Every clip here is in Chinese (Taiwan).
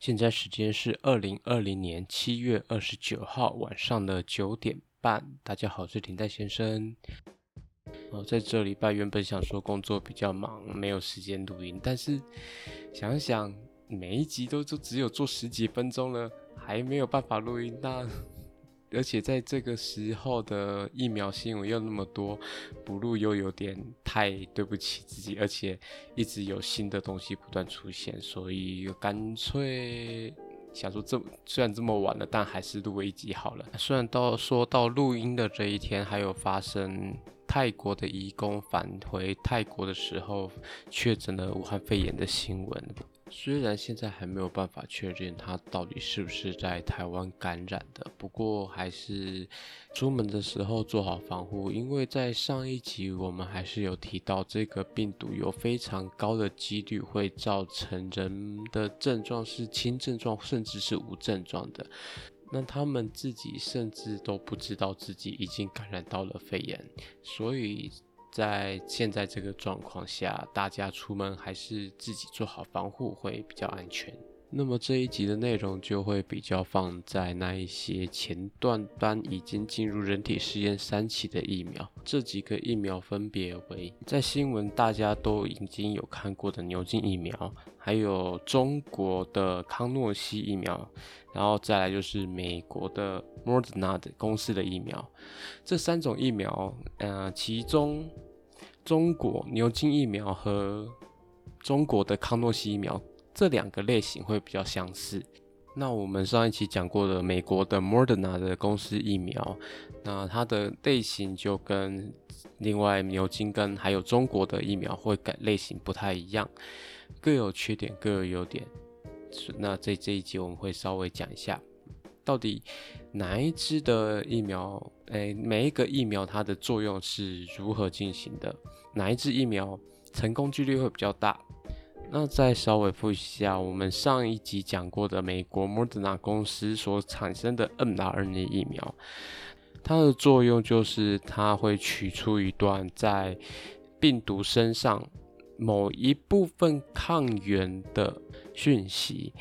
現在時間是二零二零年七月二十九號晚上的九點半。大家好，我是停戴先生。哦，在這禮拜原本想說工作比較忙，沒有時間錄音，但是想想每一集都都只有做十幾分鐘了，還沒有辦法錄音，啊，那。而且在這個時候的疫苗新聞又那麼多，不錄又有點太對不起自己，而且一直有新的東西不斷出現，所以乾脆想說這雖然這麼晚了，但還是錄一集好了。雖然到說到錄音的這一天，還有發生泰國的移工返回泰國的時候確診了武漢肺炎的新聞。雖然現在還沒有辦法確認他到底是不是在台灣感染的，不過還是出門的時候做好防護。因為在上一集我們還是有提到，這個病毒有非常高的幾率會造成人的症狀是輕症狀，甚至是無症狀的。那他們自己甚至都不知道自己已經感染到了肺炎，所以。在現在這個狀況下，大家出門還是自己做好防護會比較安全。那麼這一集的內容就會比較放在那一些前段班已經進入人體試驗三期的疫苗，這幾個疫苗分別為在新聞大家都已經有看過的牛津疫苗，還有中國的康諾西疫苗，然後再來就是美國的莫德納的公司的疫苗，這三種疫苗，呃，其中中國牛津疫苗和中國的康諾西疫苗。這兩個類型會比較相似。那我們上一期講過的美國的 Moderna 的公司疫苗，那它的類型就跟另外牛津跟還有中國的疫苗會類型不太一樣，各有缺點，各有優點。那這這一集，我們會稍微講一下，到底哪一支的疫苗誒，每一個疫苗它的作用是如何進行的，哪一支疫苗成功幾率會比較大？那再稍微複習一下我們上一集講過的美國莫德納公司所產生的 mRNA 疫苗，它的作用就是，它會取出一段在病毒身上某一部分抗原的訊息，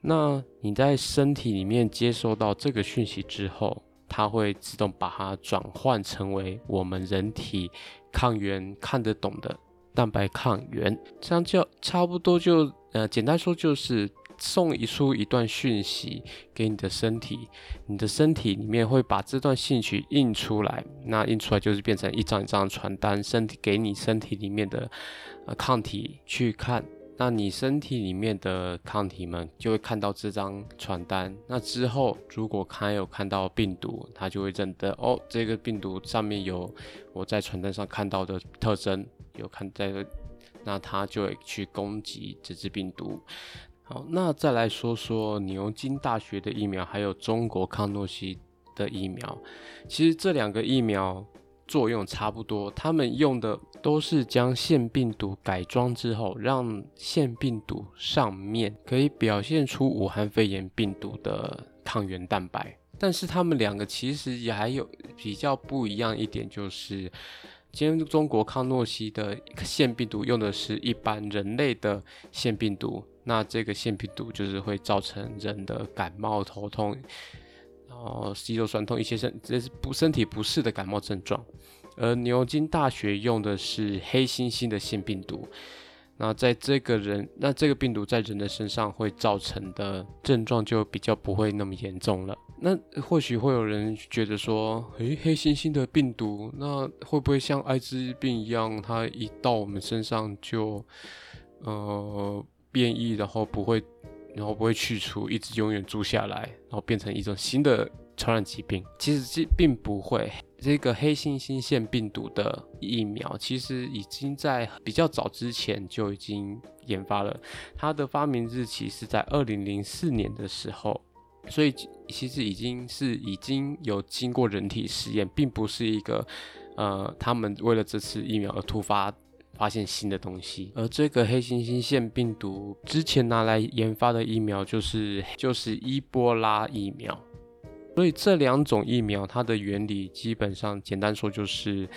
那你在身體裡面接收到這個訊息之後，它會自動把它轉換成為我們人體抗原看得懂的。蛋白抗原，這樣就差不多就，呃，簡單說就是送一出一段訊息給你的身體，你的身體裡面會把這段訊息印出來，那印出來就是變成一張一張傳單，身體給你身體裡面的呃抗體去看。那你身體裡面的抗體們就會看到這張傳單。那之後，如果他有看到病毒，他就會認得哦，這個病毒上面有我在傳單上看到的特徵，有看這個，那他就會去攻擊這支病毒。好，那再來說說牛津大學的疫苗，還有中國康諾西的疫苗。其實這兩個疫苗。作用差不多，他們用的都是將腺病毒改裝之後，讓腺病毒上面可以表現出武漢肺炎病毒的抗原蛋白。但是他們兩個其實也還有比較不一樣一點，就是，今天中國康諾西的腺病毒用的是一般人類的腺病毒，那這個腺病毒就是會造成人的感冒、頭痛。哦，肌肉酸痛，一些身這是不身體不適的感冒症狀，而牛津大學用的是黑猩猩的腺病毒，那在這個人，那這個病毒在人的身上會造成的症狀就比較不會那麼嚴重了。那或許會有人覺得說，誒，黑猩猩的病毒，那會不會像艾滋病一樣，它一到我們身上就，呃，變異，然後不會？然後不會去除，一直永遠住下來，然後變成一種新的傳染疾病。其實這並不會，這個黑猩猩腺病毒的疫苗其實已經在比較早之前就已經研發了，它的發明日期是在二零零四年的時候，所以其實已經是已經有經過人體實驗，並不是一個呃，他們為了這次疫苗而突發。發現新的東西，而這個黑猩猩腺病毒之前拿來研發的疫苗就是就是伊波拉疫苗，所以這兩種疫苗它的原理基本上簡單說就是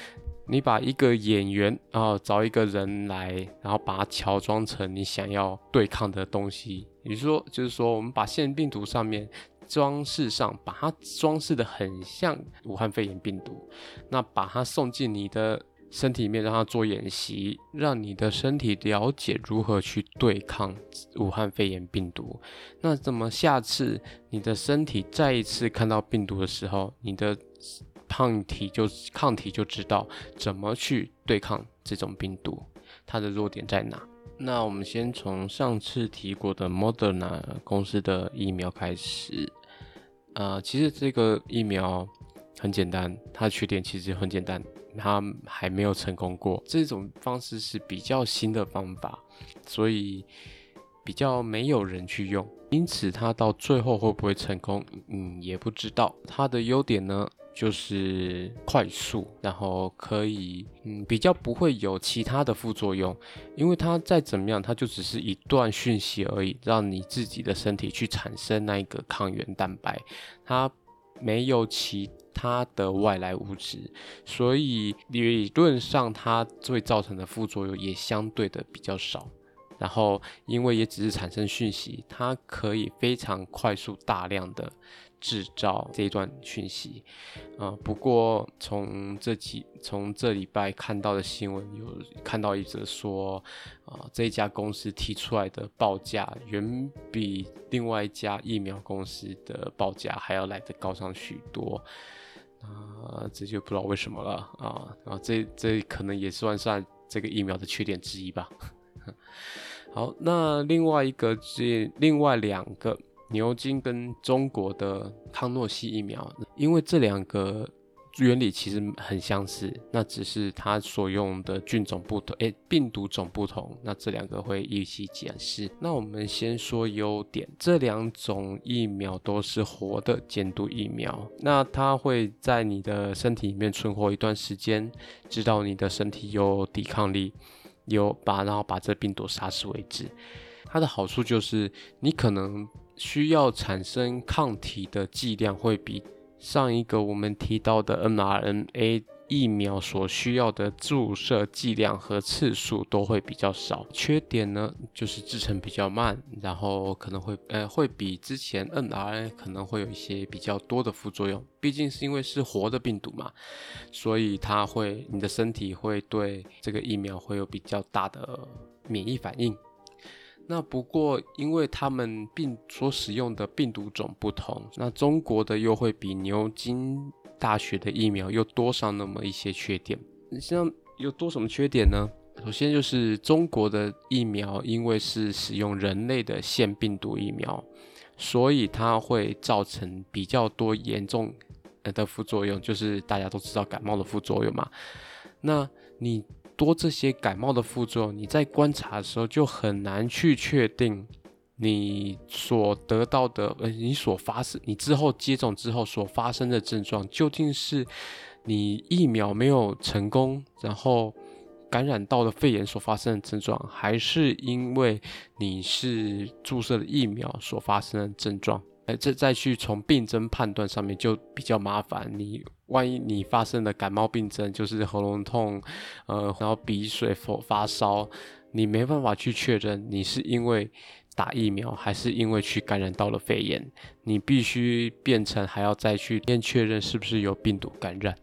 你把一個演員啊、哦、找一個人來，然後把它喬裝成你想要對抗的東西，比如說就是說我們把腺病毒上面裝飾上，把它裝飾的很像武漢肺炎病毒，那把它送進你的。身體裡面讓它做演習，讓你的身體了解如何去對抗武漢肺炎病毒。那怎麼下次你的身體再一次看到病毒的時候，你的抗體就抗體就知道怎麼去對抗這種病毒，它的弱點在哪？那我們先從上次提過的 Moderna 公司的疫苗開始。呃，其實這個疫苗很簡單，它的缺點其實很簡單。他還沒有成功過，這種方式是比較新的方法，所以比較沒有人去用，因此他到最後會不會成功，嗯，也不知道。它的優點呢，就是快速，然後可以，嗯，比較不會有其他的副作用，因為它再怎麼樣，它就只是一段訊息而已，讓你自己的身體去產生那一個抗原蛋白，它。沒有其他的外來物質，所以理論上它最造成的副作用也相對的比較少。然後，因為也只是產生訊息，它可以非常快速、大量的。製造這一段訊息，啊、呃，不過從這幾從這禮拜看到的新聞，有看到一則說，啊、呃，這家公司提出來的報價遠比另外一家疫苗公司的報價還要來得高上許多，啊、呃，這就不知道為什麼了，啊、呃，這這可能也算上這個疫苗的缺點之一吧。 好，那另外一個，這另外兩個。牛津跟中國的康諾西疫苗，因為這兩個原理其實很相似，那只是它所用的菌種不同，誒，病毒種不同。那這兩個會一起解釋。那我們先說優點，這兩種疫苗都是活的減毒疫苗，那它會在你的身體裡面存活一段時間，直到你的身體有抵抗力，有把然後把這病毒殺死為止。它的好處就是你可能。需要產生抗體的劑量會比上一個我們提到的 mRNA 疫苗所需要的注射劑量和次數都會比較少。缺點呢，就是製程比較慢，然後可能會呃會比之前 mRNA 可能會有一些比較多的副作用，畢竟是因為是活的病毒嘛，所以它會你的身體會對這個疫苗會有比較大的免疫反應。那不過，因為他們病所使用的病毒種不同，那中國的又會比牛津大學的疫苗又多上那麼一些缺點。像又多什麼缺點呢？首先就是中國的疫苗，因為是使用人類的腺病毒疫苗，所以它會造成比較多嚴重的副作用，就是大家都知道感冒的副作用嘛。那你。多這些感冒的副作用，你在觀察的時候就很難去確定你所得到的，呃，你所發生，你之後接種之後所發生的症狀究竟是你疫苗沒有成功，然後感染到的肺炎所發生的症狀，還是因為你是注射的疫苗所發生的症狀？誒、呃，這再去從病症判斷上面就比較麻煩，你。萬一你發生了感冒病症，就是喉嚨痛，呃，然後鼻水或發燒，你沒辦法去確認你是因為打疫苗還是因為去感染到了肺炎，你必須變成還要再去先確認是不是有病毒感染。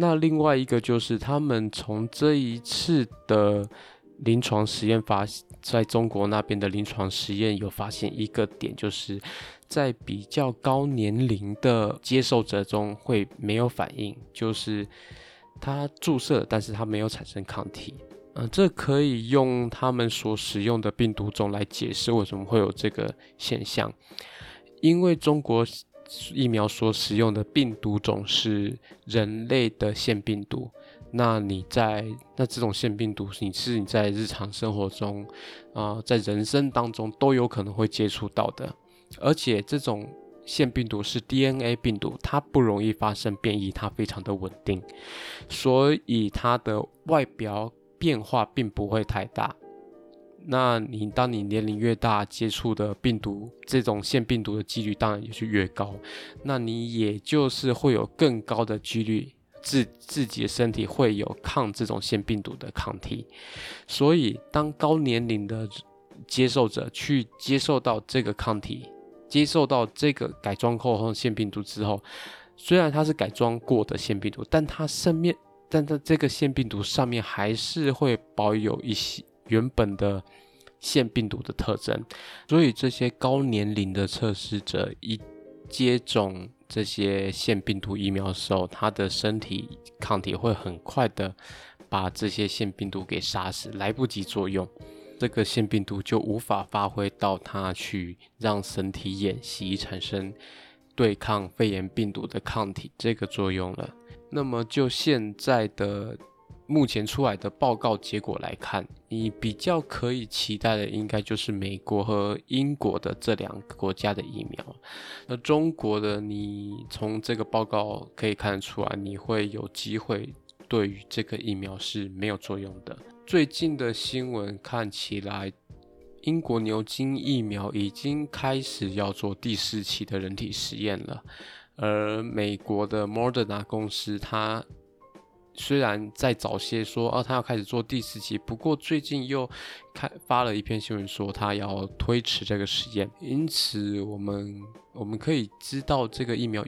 那另外一個就是他們從這一次的。臨床實驗發在中國那邊的臨床實驗有發現一個點，就是在比較高年齡的接受者中會沒有反應，就是他注射，但是他沒有產生抗體。嗯、呃，這可以用他們所使用的病毒種來解釋為什麼會有這個現象，因為中國疫苗所使用的病毒種是人類的腺病毒。那你在那這種腺病毒，你是你在日常生活中，啊、呃，在人生當中都有可能會接觸到的。而且這種腺病毒是 DNA 病毒，它不容易發生變異，它非常的穩定，所以它的外表變化並不會太大。那你當你年齡越大，接觸的病毒這種腺病毒的幾率當然也是越高，那你也就是會有更高的幾率。自自己的身體會有抗這種腺病毒的抗體，所以當高年齡的接受者去接受到這個抗體，接受到這個改裝後的腺病毒之後，雖然它是改裝過的腺病毒，但它上面，但它這個腺病毒上面還是會保有一些原本的腺病毒的特徵，所以這些高年齡的測試者一接種。這些腺病毒疫苗的時候，它的身體抗體會很快的把這些腺病毒給殺死，來不及作用，這個腺病毒就無法發揮到它去讓身體演習產生對抗肺炎病毒的抗體這個作用了。那麼就現在的。目前出來的報告結果來看，你比較可以期待的，應該就是美國和英國的這兩個國家的疫苗。那中國的，你從這個報告可以看得出來，你會有機會對於這個疫苗是沒有作用的。最近的新聞看起來，英國牛津疫苗已經開始要做第四期的人體實驗了，而美國的摩德納公司它，雖然在早些說，啊、哦，他要開始做第四期，不過最近又開發了一篇新聞說他要推遲這個實驗，因此我們我們可以知道這個疫苗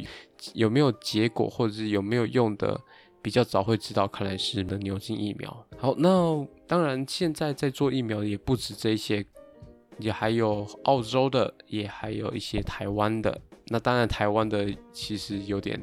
有沒有結果，或者是有沒有用的，比較早會知道，看來是能牛津疫苗。好，那當然現在在做疫苗也不止這一些，也還有澳洲的，也還有一些台灣的。那當然台灣的其實有點，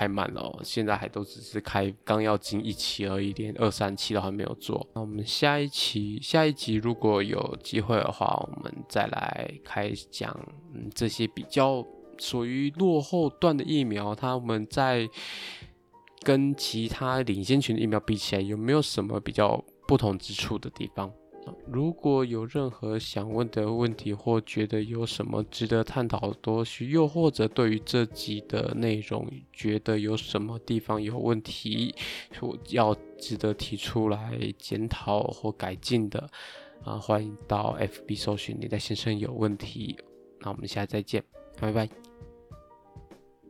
太慢了喔，現在還都只是開，剛要進一期而已，連二三期都還沒有做。那我們下一期、下一集，如果有機會的話，我們再來開講。嗯，這些比較屬於落後段的疫苗，它我們在跟其他領先群的疫苗比起來，有沒有什麼比較不同之處的地方？如果有任何想問的問題，或覺得有什麼值得探討的東西，又或者對於這集的內容覺得有什麼地方有問題，說要值得提出來檢討或改進的，啊，歡迎到 FB 搜尋你的先生有問題。那我們下次再見，拜拜。